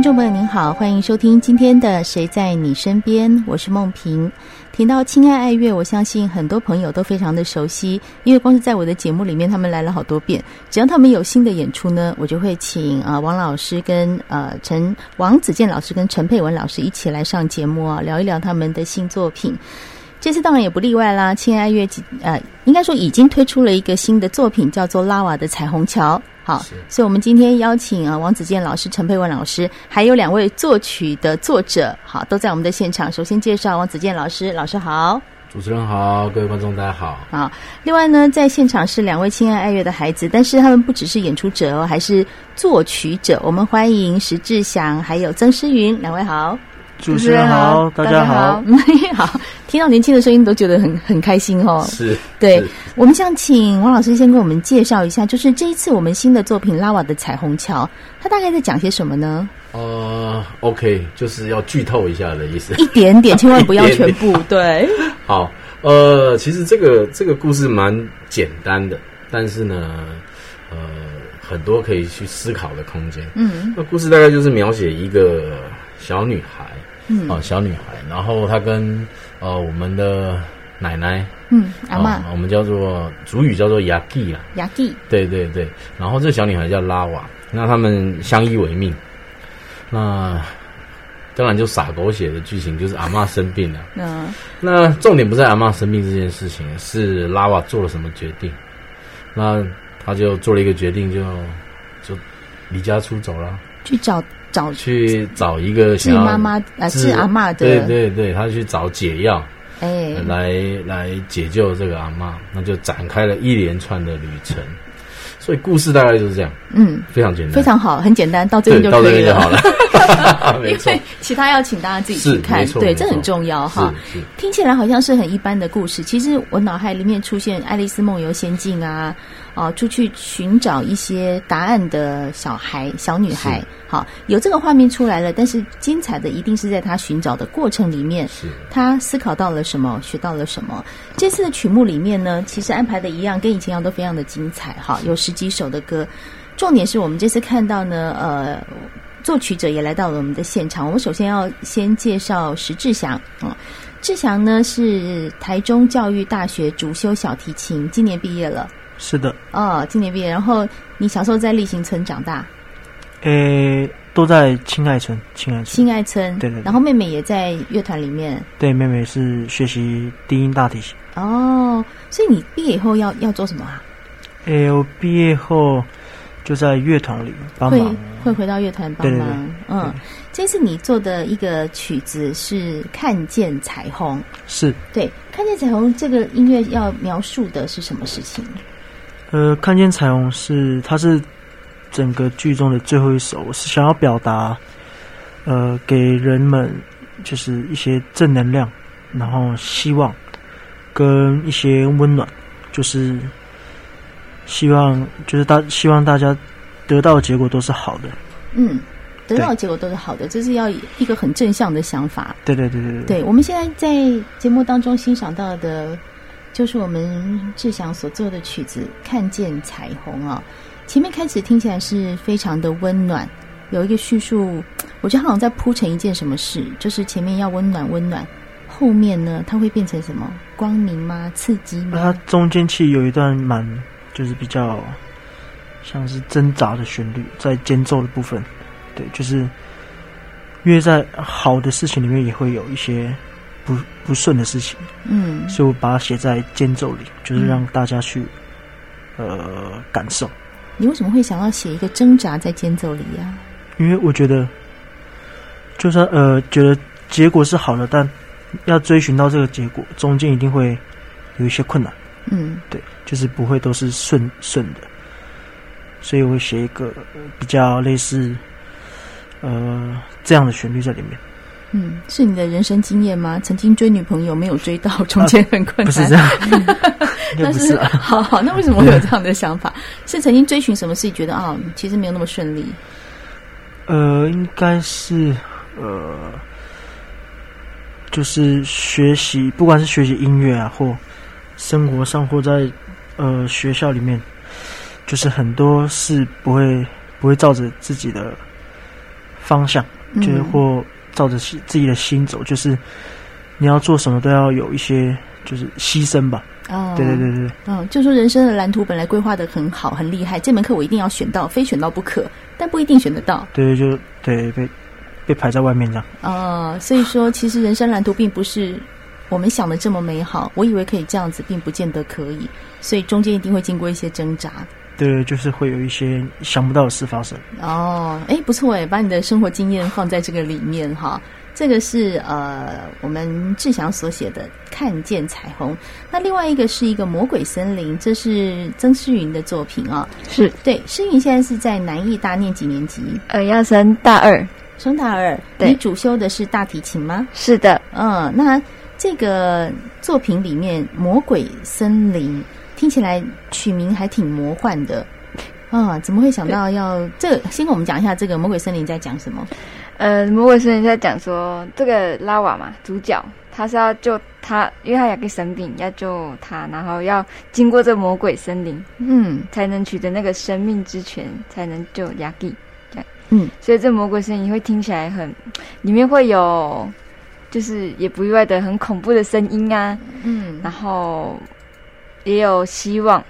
觀眾朋友您好，歡迎收聽今天的《誰在你身邊》，我是夢萍。提到“親愛愛樂”，我相信很多朋友都非常的熟悉，因為光是在我的節目裡面，他們來了好多遍。只要他們有新的演出呢，我就會請啊、呃、王老師跟呃陳王子健老師跟陳佩文老師一起來上節目啊，聊一聊他們的新作品。這次當然也不例外啦，“親愛愛樂”幾呃，應該說已經推出了一個新的作品，叫做《拉瓦的彩虹橋》。好，是所以我們今天邀請啊、呃、王子健老師、陳珮文老師，還有兩位作曲的作者，好，都在我們的現場。首先介紹王子健老師，老師好，主持人好，各位觀眾大家好。好，另外呢，在現場是兩位親愛愛樂的孩子，但是他們不只是演出者哦，還是作曲者。我們歡迎石志祥還有曾詩芸兩位好。主持人好，啊、大家好，大家好， 好，聽到年輕的聲音都覺得很很開心哦。是對，是我們想請王老師先跟我們介紹一下，就是這一次我們新的作品《拉瓦的彩虹橋》，它大概在講些什麼呢？呃，OK，就是要劇透一下的意思， 一點點，千萬不要全部。 一點點對，好，呃，其實這個這個故事蠻簡單的，但是呢，呃，很多可以去思考的空間。嗯，那故事大概就是描寫一個小女孩。嗯、哦，小女孩，然後她跟呃我們的奶奶，嗯，阿嬤、呃，我們叫做族語，叫做 Yaki 啊，Yaki，對對對，然後這個小女孩叫拉瓦，那他們相依為命，那當然就灑狗血的劇情就是阿嬤生病了，嗯，那重點不在阿嬤生病這件事情，是拉瓦做了什麼決定，那他就做了一個決定就，就就離家出走了，去找，找去找一個治，是媽媽啊，是、呃、阿媽的。對對對，他去找解藥，哎，呃、來來解救這個阿媽，那就展開了一連串的旅程。所以故事大概就是這樣，嗯，非常簡單，非常好，很簡單，到這邊就可以了。到這邊就好了 因為其他要請大家自己去看，對，這很重要是哈。聽起來好像是很一般的故事，其實我腦海裡面出現《愛麗絲夢遊仙境》啊。哦，出去尋找一些答案的小孩，小女孩，是好，有這個畫面出來了。但是精彩的一定是在他尋找的過程裡面，是他思考到了什麼，學到了什麼。這次的曲目裡面呢，其實安排的一樣，跟以前一樣，都非常的精彩。哈，有十幾首的歌，重點是我們這次看到呢，呃，作曲者也來到了我們的現場。我們首先要先介紹石志祥。嗯、哦、志祥呢是台中教育大學主修小提琴，今年畢業了。是的，哦，今年畢業，然後你小時候在力行村長大，誒、欸，都在親愛村，親愛村，親愛村，對，對對，然後妹妹也在樂團裡面，對，妹妹是學習低音大提琴，哦，所以你畢業以後要要做什麼啊？誒、欸，我畢業後就在樂團裡幫忙，會會回到樂團幫忙，對對對，嗯，對，這次你做的一個曲子是看見彩虹，是，對，看見彩虹這個音樂要描述的是什麼事情？呃，看見彩虹是，它是整個劇中的最後一首，我是想要表達，呃，給人們就是一些正能量，然後希望跟一些溫暖，就是希望就是大希望大家得到的結果都是好的。嗯，得到的結果都是好的，對這是要一個很正向的想法。對，對對對對。對，我們現在在節目當中欣賞到的。就是我們志祥所做的曲子《看見彩虹》啊，前面開始聽起來是非常的溫暖，有一個敘述，我覺得好像在鋪成一件什麼事，就是前面要溫暖溫暖，後面呢它會變成什麼光明嗎？刺激嗎？它中間其實有一段蠻就是比較像是掙扎的旋律，在間奏的部分，對，就是因為在好的事情裡面也會有一些。不不順的事情，嗯，所以我把它寫在間奏裡，就是讓大家去、嗯、呃感受。你為什麼會想要寫一個掙扎在間奏裡呀、啊？因為我覺得，就算呃覺得結果是好的，但要追尋到這個結果，中間一定會有一些困難。嗯，對，就是不會都是順順的，所以我會寫一個比較類似呃這樣的旋律在裡面。嗯，是你的人生經驗嗎？曾經追女朋友沒有追到，中間很困難。呃、不是這樣，但 是，是、啊、好好，那為什麼會有這樣的想法？對是曾經追尋什麼事情，覺得啊，哦、其實沒有那麼順利。呃，應該是呃，就是學習，不管是學習音樂啊，或生活上，或在呃學校裡面，就是很多事不會不會照着自己的方向，就是或。嗯照着心自己的心走，就是你要做什麼都要有一些就是犧牲吧。哦，對對對對，嗯，就說人生的藍圖本來規劃得很好，很厲害，這門課我一定要選到，非選到不可，但不一定選得到。對，就對，被被排在外面的。哦，所以說其實人生藍圖並不是我們想的這麼美好，我以為可以這樣子，並不見得可以，所以中間一定會經過一些掙扎。對，就是會有一些想不到的事發生。哦，哎，不錯哎，把你的生活經驗放在這個裡面哈。這個是呃，我們志祥所寫的《看見彩虹》。那另外一個是一個《魔鬼森林》，這是曾詩芸的作品啊、哦。是，對，詩芸現在是在南藝大念幾年級？呃，要升大二。升大二。對，你主修的是大提琴嗎？是的，嗯。那這個作品裡面，《魔鬼森林》。聽起來取名還挺魔幻的。啊，怎麼會想到要對這？先跟我們講一下這個魔鬼森林在講什麼？呃，魔鬼森林在講說，這個拉瓦嘛，主角他是要救他，因為他雅克生病要救他，然後要經過這魔鬼森林，嗯，才能取得那個生命之泉，才能救雅克。這樣，嗯，所以這魔鬼森林會聽起來很，裡面會有，就是也不意外的很恐怖的聲音啊，嗯，然後。也有希望，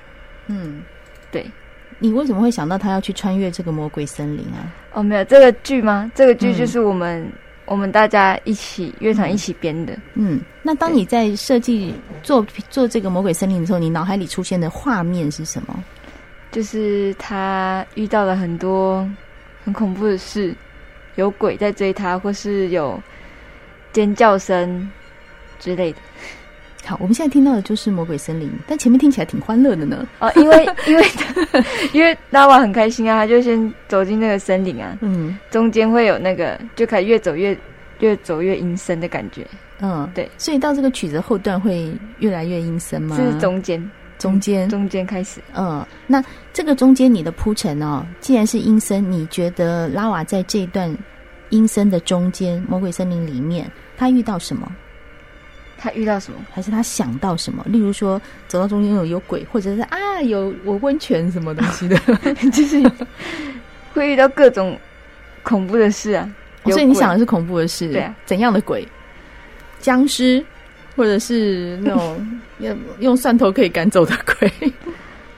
嗯，對，你為什麼會想到他要去穿越這個魔鬼森林啊？哦，沒有這個劇嗎？這個劇就是我們、嗯、我們大家一起樂團一起編的嗯。嗯，那當你在設計對做做這個魔鬼森林的時候，你腦海裡出現的畫面是什麼？就是他遇到了很多很恐怖的事，有鬼在追他，或是有尖叫聲之類的。好，我們現在聽到的就是魔鬼森林，但前面聽起來挺歡樂的呢。哦，因為因為 因為拉瓦很開心啊，他就先走進那個森林啊。嗯，中間會有那個就開始越走越越走越陰森的感覺。嗯，對，所以到這個曲子後段會越來越陰森嗎？這是中間間、嗯，中間，中間開始。嗯，那這個中間你的鋪陳哦，既然是陰森，你覺得拉瓦在這段陰森的中間，魔鬼森林裡面，他遇到什麼？他遇到什麼，還是他想到什麼？例如說，走到中間有有鬼，或者是啊，有我溫泉什麼東西的， 就是會遇到各種恐怖的事啊。哦，所以你想的是恐怖的事，對，啊，怎樣的鬼，殭屍，或者是那種用用蒜頭可以趕走的鬼，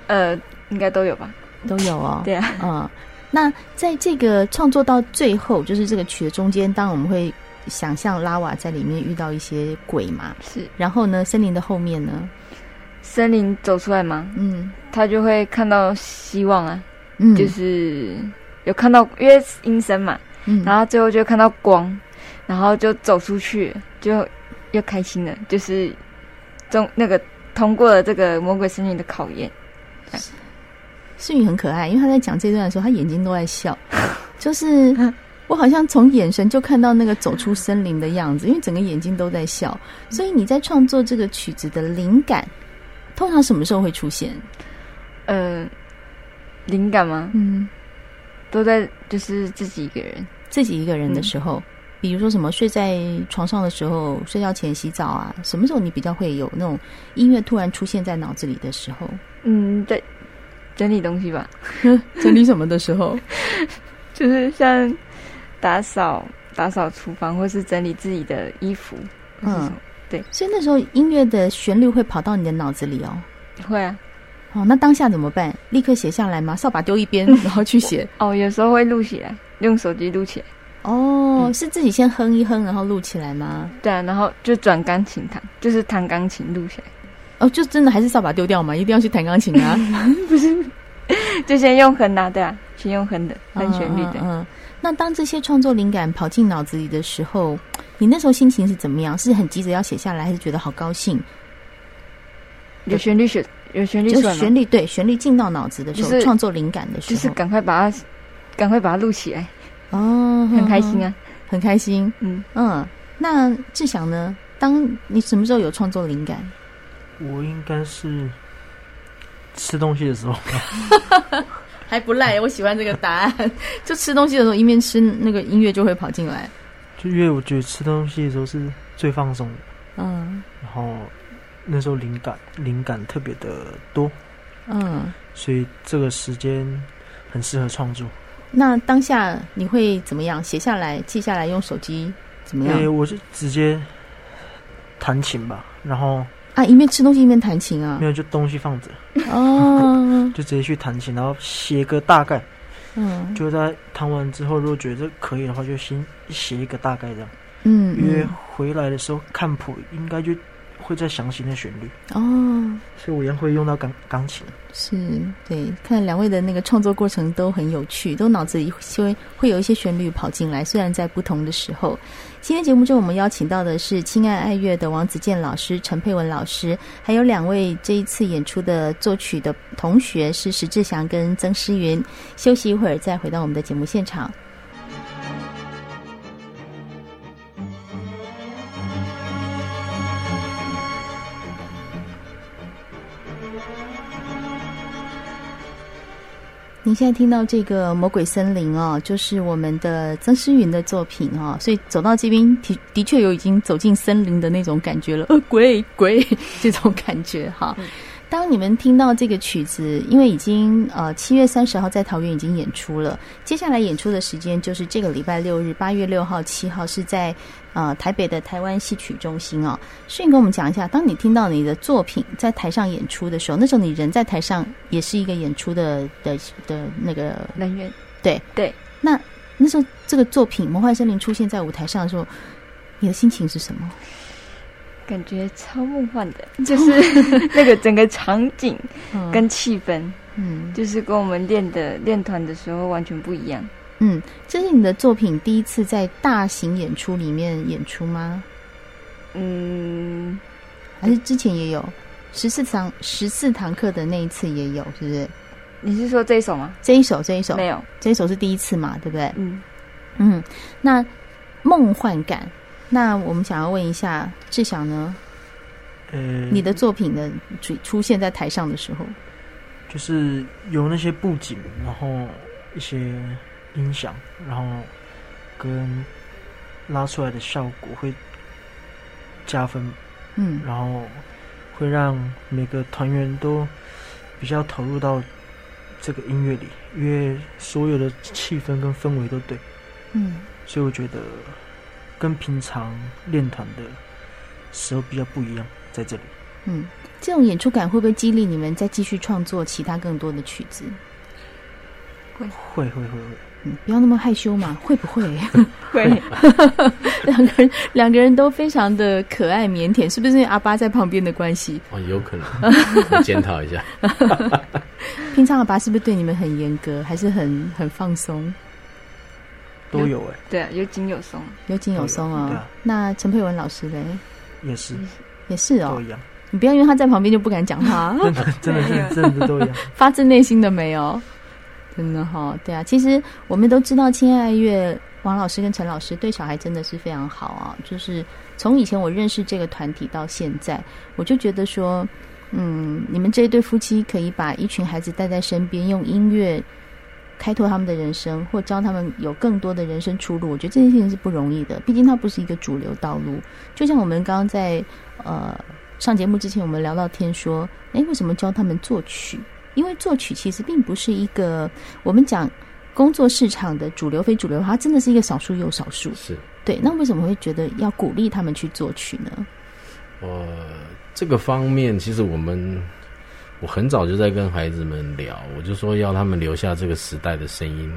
呃，應該都有吧，都有哦，對啊，嗯。那在這個創作到最後，就是這個曲的中間，當然我們會。想象拉瓦在裡面遇到一些鬼嘛，是。然後呢，森林的後面呢，森林走出來嘛，嗯，他就會看到希望啊，嗯，就是有看到，因為陰森嘛，嗯，然後最後就會看到光，然後就走出去，就走出去，就又開心了，就是中那個通過了這個魔鬼森林的考驗。是、啊，詩芸很可愛，因為他在講這段的時候，他眼睛都在笑， 就是。 我好像從眼神就看到那個走出森林的樣子，因為整個眼睛都在笑。所以你在創作這個曲子的靈感，通常什麼時候會出現？嗯、呃，靈感嗎？嗯，都在就是自己一個人，自己一個人的時候，嗯、比如說什麼睡在床上的時候，睡覺前洗澡啊，什麼時候你比較會有那種音樂突然出現在腦子裡的時候？嗯，在整理東西吧，嗯、整理什麼的時候？ 就是像。打掃打掃廚房，或是整理自己的衣服。嗯，對，所以那時候音樂的旋律會跑到你的腦子裡哦會啊。哦，那當下怎麼辦？立刻寫下來嗎？掃把丟一邊，然後去寫。 哦，有時候會錄起來，用手機錄起來。哦、嗯、是自己先哼一哼，然後錄起來嗎、嗯？對啊，然後就轉鋼琴彈，就是彈鋼琴錄起來。哦，就真的還是掃把丟掉嗎？一定要去彈鋼琴啊？ 不是， 就先用哼吶、啊，對啊，先用哼的哼旋律的。啊啊啊啊那當這些創作靈感跑進腦子裡的時候，你那時候心情是怎麼樣？是很急着要寫下來，還是覺得好高興？有旋律，有旋律，有旋律，對旋律進到腦子的時候，創、就是、作靈感的時候，就是趕快把它，趕快把它錄起來。哦、啊，很開心啊，很開心。嗯嗯，那志祥呢？當你什麼時候有創作靈感？我應該是吃東西的時候。 還不賴，我喜歡這個答案。 就吃東西的時候，一面吃那個音樂就會跑進來。就因為我覺得吃東西的時候是最放鬆的，嗯。然後那時候靈感靈感特別的多，嗯。所以這個時間很適合創作。那當下你會怎麼樣寫下來、記下來？用手機怎麼樣？我是直接彈琴吧，然後。啊，一邊吃東西一邊彈琴啊？沒有，就東西放着，哦，oh. 就直接去彈琴，然後寫個大概，嗯，oh. 就在彈完之後，如果覺得可以的話，就先寫一個大概這樣。嗯、mm，hmm. 因為回來的時候看譜應該就。會再詳細的旋律哦，所以我也會用到鋼鋼琴。是對，看兩位的那個創作過程都很有趣，都腦子裡會會有一些旋律跑進來，雖然在不同的時候。今天節目中我們邀請到的是親愛愛樂的王子健老師、陳珮文老師，還有兩位這一次演出的作曲的同學是石志祥跟曾詩芸。休息一會兒再回到我們的節目現場。你現在聽到這個《魔鬼森林》哦，就是我們的曾詩芸的作品哦，所以走到這邊，的的確有已經走進森林的那種感覺了，呃、哦，鬼鬼這種感覺哈、哦。當你們聽到這個曲子，因為已經呃七月三十號在桃園已經演出了，接下來演出的時間就是這個禮拜六日，八月六號、七號是在。啊、呃，台北的台灣戲曲中心哦，順便跟我們講一下，當你聽到你的作品在台上演出的時候，那時候你人在台上也是一個演出的的的那個人員，對對。對那那時候這個作品《魔幻森林》出現在舞台上的時候，你的心情是什麼？感覺超夢幻的，就是 那個整個場景跟氣氛嗯，嗯，就是跟我們練的練團的時候完全不一樣。嗯，這是你的作品第一次在大型演出裡面演出嗎？嗯，還是之前也有十四堂十四堂課的那一次也有，是不是？你是說這一首嗎？這一首這一首沒有，這一首是第一次嘛，對不對？嗯嗯，那夢幻感，那我們想要問一下志祥呢？呃，你的作品呢出出現在台上的時候，就是有那些布景，然後一些。音響，然後跟拉出來的效果會加分，嗯，然後會讓每個團員都比較投入到這個音樂裡，因為所有的氣氛跟氛圍都對，嗯，所以我覺得跟平常練團的時候比較不一樣，在這裡，嗯，這種演出感會不會激勵你們再繼續創作其他更多的曲子？會會會會，你不要那麼害羞嘛！會不會？會，兩個人兩個人都非常的可愛靦腆，是不是因為阿爸在旁邊的關係？哦，有可能，檢討一下。平常阿爸是不是對你們很嚴格，還是很很放鬆？都有哎，對啊，有緊有鬆，有緊有鬆啊。那陳佩文老師咧，也是也是哦，你不要因為他在旁邊就不敢講話，真的真的真的都一樣，發自內心的沒有。真的好，對啊，其實我們都知道，親愛愛樂王老師跟陳老師對小孩真的是非常好啊。就是從以前我認識這個團體到現在，我就覺得說，嗯，你們這一對夫妻可以把一群孩子帶在身邊，用音樂開拓他們的人生，或教他們有更多的人生出路。我覺得這件事情是不容易的，畢竟它不是一個主流道路。就像我們剛剛在呃上節目之前，我們聊到天說，哎，為什麼教他們作曲？因為作曲其實並不是一個我們講工作市場的主流、非主流，它真的是一個少數又少數。是對，那為什麼會覺得要鼓勵他們去作曲呢？我這個方面其實我們我很早就在跟孩子們聊，我就說，要他們留下這個時代的聲音。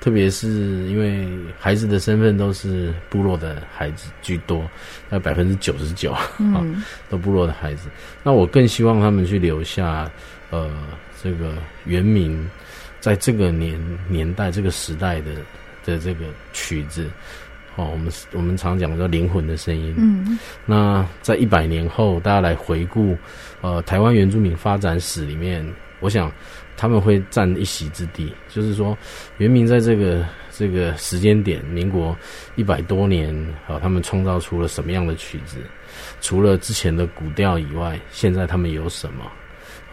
特別是因為孩子的身份都是部落的孩子居多，那百分之九十九啊， 都部落的孩子。嗯、那我更希望他們去留下，呃，這個原民在這個年年代，這個時代的的這個曲子，哦、呃，我們我們常講叫靈魂的聲音。嗯。那在一百年後，大家來回顧，呃，台灣原住民發展史裡面，我想。他們會占一席之地，就是說，原民在這個這個時間點，民國一百多年，好、哦，他們創造出了什麼樣的曲子？除了之前的古調以外，現在他們有什麼？啊、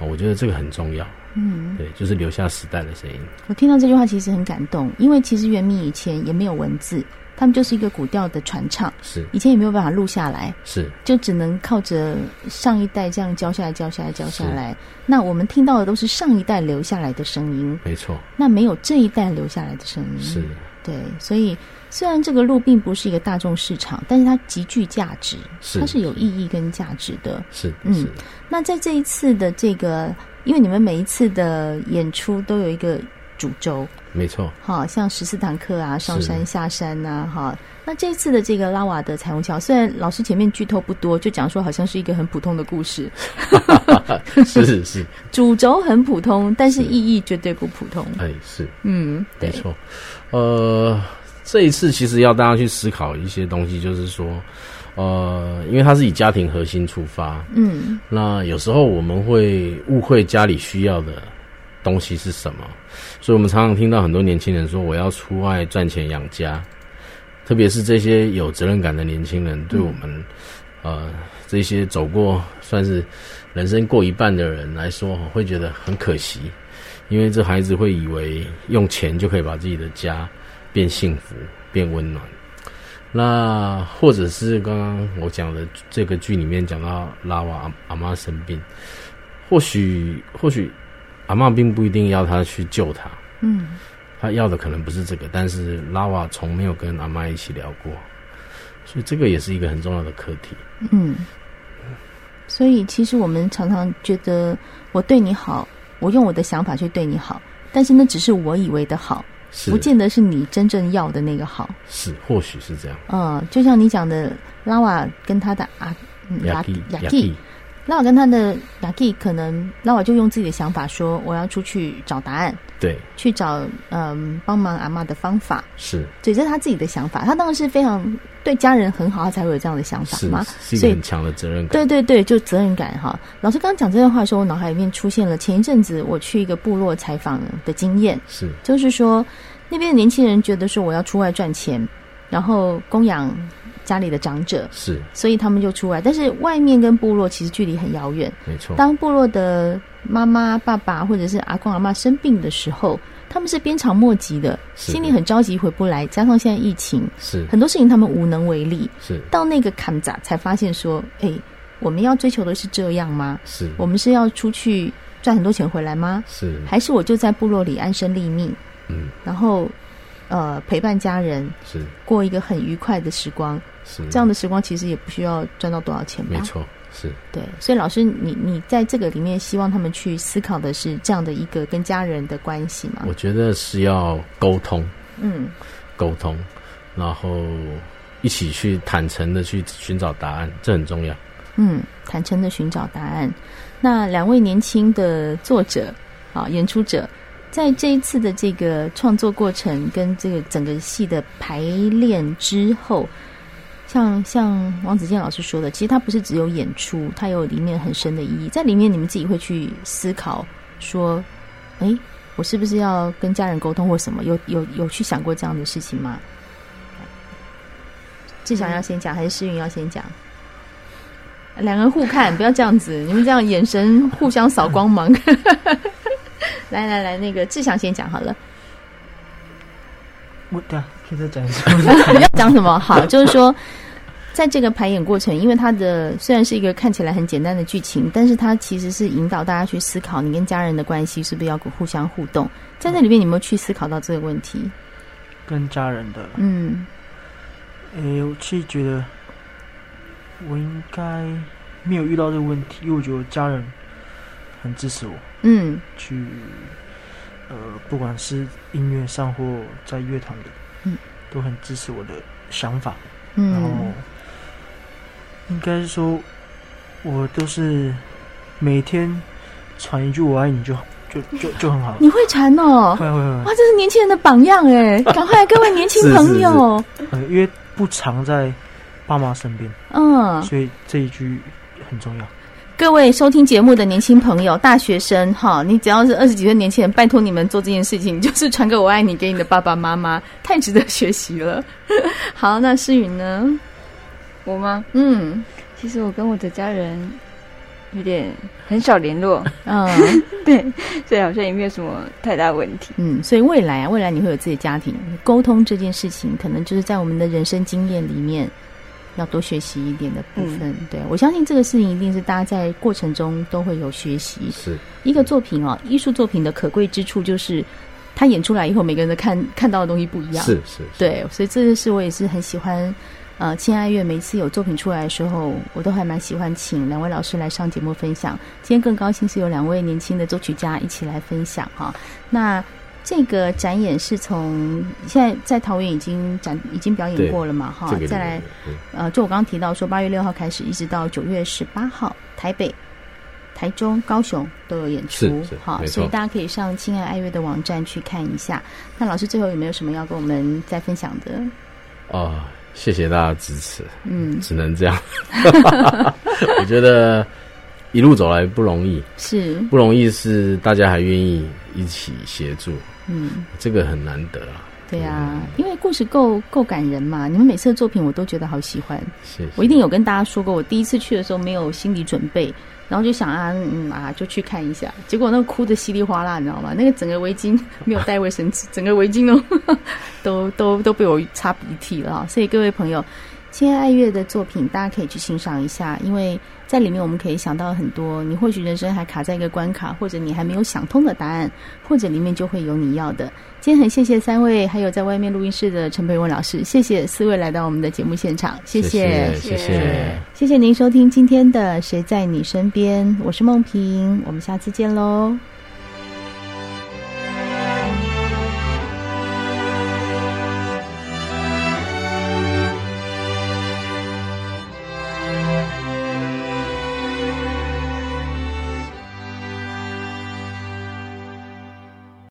哦，我覺得這個很重要。嗯，對，就是留下時代的聲音。我聽到這句話其實很感動，因為其實原民以前也沒有文字。他們就是一個古調的傳唱，是，以前也沒有辦法錄下來，是，就只能靠着上一代這樣交下來、交下來、交下來。是那我們聽到的都是上一代留下來的聲音，沒錯錯。那沒有這一代留下來的聲音，是。對，所以雖然這個路並不是一個大眾市場，但是它極具價值，它是有意義跟價值的。是，嗯。是那在這一次的這個，因為你們每一次的演出都有一個主軸。沒錯，好，像十四堂課啊，上山下山吶、啊，哈是，那這一次的這個拉瓦的彩虹橋，雖然老師前面劇透不多，就講說好像是一個很普通的故事， 是是，主軸很普通，但是意義絕對不普通，哎是，哎是嗯，沒錯，呃，這一次其實要大家去思考一些東西，就是說，呃，因為它是以家庭核心出發，嗯，那有時候我們會誤會家裡需要的。東西是什麼？所以我們常常聽到很多年輕人說：“我要出外賺錢養家。”特別是這些有責任感的年輕人，對我們，呃，這些走過算是人生過一半的人來說，會覺得很可惜，因為這孩子會以為用錢就可以把自己的家變幸福、變溫暖。那或者是剛剛我講的這個劇裡面講到拉瓦阿媽生病，或許，或許。阿媽並不一定要他去救他，嗯，他要的可能不是這個，但是拉瓦從沒有跟阿媽一起聊過，所以這個也是一個很重要的課題。嗯，所以其實我們常常覺得我對你好，我用我的想法去對你好，但是那只是我以為的好，是不見得是你真正要的那個好。是，或許是這樣。嗯，就像你講的，拉瓦跟他的阿雅蒂雅蒂。那我跟他的亞 k 可能，那我就用自己的想法說，我要出去找答案，對，去找嗯幫忙阿媽的方法，是，對，這是他自己的想法。他當時是非常對家人很好，他才會有這樣的想法是，是一個很強的責任感，對對對，就責任感哈。老師剛剛講這段話的時候，我腦海裡面出現了前一陣子我去一個部落採訪的經驗，是，就是說那邊的年輕人覺得說，我要出外賺錢，然後供養。家裡的長者是，所以他們就出來。但是外面跟部落其實距離很遙遠，沒錯。當部落的媽媽、爸爸或者是阿公、阿媽生病的時候，他們是鞭長莫及的，的心裡很着急，回不來。加上現在疫情，是很多事情他們無能為力。是到那個坎子才發現說：“欸，我們要追求的是這樣嗎？是我們是要出去賺很多錢回來嗎？是還是我就在部落裡安身立命？嗯，然後呃陪伴家人，是過一個很愉快的時光。”是這樣的時光其實也不需要賺到多少錢吧，沒錯，是對。所以老師，你你在這個裡面希望他們去思考的是這樣的一個跟家人的關係嗎？我覺得是要溝通，嗯，溝通，然後一起去坦誠的去尋找答案，這很重要。嗯，坦誠的尋找答案。那兩位年輕的作者，啊、哦，演出者，在這一次的這個創作過程跟這個整個戲的排練之後。像像王子健老師說的，其實他不是只有演出，他有裡面很深的意義。在裡面，你們自己會去思考，說，哎、欸，我是不是要跟家人溝通，或什麼？有有有去想過這樣的事情嗎？志祥要先講，還是詩芸要先講？兩個人互看，不要這樣子， 你們這樣眼神互相掃光芒。 來來來，那個志祥先講好了。我的啊，可講講， 要講什麼？好，就是說。在這個排演過程，因為它的雖然是一個看起來很簡單的劇情，但是它其實是引導大家去思考，你跟家人的關係是不是要互相互動。在那裡面，你有沒有去思考到這個問題？跟家人的，嗯，誒、欸，我是覺得我應該沒有遇到這個問題，因為我覺得我家人很支持我，嗯，去，呃，不管是音樂上或在樂團裡，嗯，都很支持我的想法，嗯，然後。應該是說，我都是每天傳一句“我愛你”就好，就就就很好。你會傳哦？會不會？不會！哇，這是年輕人的榜樣哎，趕 快來各位年輕朋友是是是是，呃。因為不常在爸媽身邊，嗯，所以這一句很重要。各位收聽節目的年輕朋友，大學生哈，你只要是二十幾歲年輕人，拜託你們做這件事情，就是傳個“我愛你”給你的爸爸媽媽，太值得學習了。 好，那詩芸呢？我嗎？嗯，其實我跟我的家人有點很少聯絡。嗯， 對，所以好像也沒有什麼太大問題。嗯，所以未來啊，未來你會有自己的家庭，溝通這件事情，可能就是在我們的人生經驗裡面要多學習一點的部分。嗯、對，我相信這個事情一定是大家在過程中都會有學習。是一個作品哦、啊，藝術作品的可貴之處就是它演出來以後，每個人都看看到的東西不一樣。是是，是是對，所以這件事我也是很喜歡。呃，親、啊、愛愛樂，每次有作品出來的時候，我都還蠻喜歡請兩位老師來上節目分享。今天更高興是有兩位年輕的作曲家一起來分享哈、啊。那這個展演是從現在在桃園已經展已經表演過了嘛哈，再來呃、嗯啊，就我剛剛提到說八月六號開始，一直到九月十八號，台北、台中、高雄都有演出哈，所以大家可以上親愛愛樂的網站去看一下。那老師最後有沒有什麼要跟我們再分享的？啊、哦。謝謝大家支持，嗯，只能這樣。 我覺得一路走來不容易，是不容易，是大家還願意一起協助，嗯，這個很難得啊。對，對啊，因為故事夠夠感人嘛，你們每次的作品我都覺得好喜歡。是，謝謝，我一定有跟大家說過，我第一次去的時候沒有心理準備。然後就想啊，嗯啊，就去看一下。結果那哭得稀里嘩啦，你知道嗎？那個整個圍巾沒有帶衛生紙， 整個圍巾、哦、呵呵，都都都都被我擦鼻涕了啊！所以各位朋友。親愛愛樂的作品，大家可以去欣賞一下，因為在裡面我們可以想到很多。你或許人生還卡在一個關卡，或者你還沒有想通的答案，或者裡面就會有你要的。今天很謝謝三位，還有在外面錄音室的陳珮文老師，謝謝四位來到我們的節目現場，謝謝謝謝謝謝，謝謝您收聽今天的《誰在你身邊》，我是夢萍，我們下次見嘍。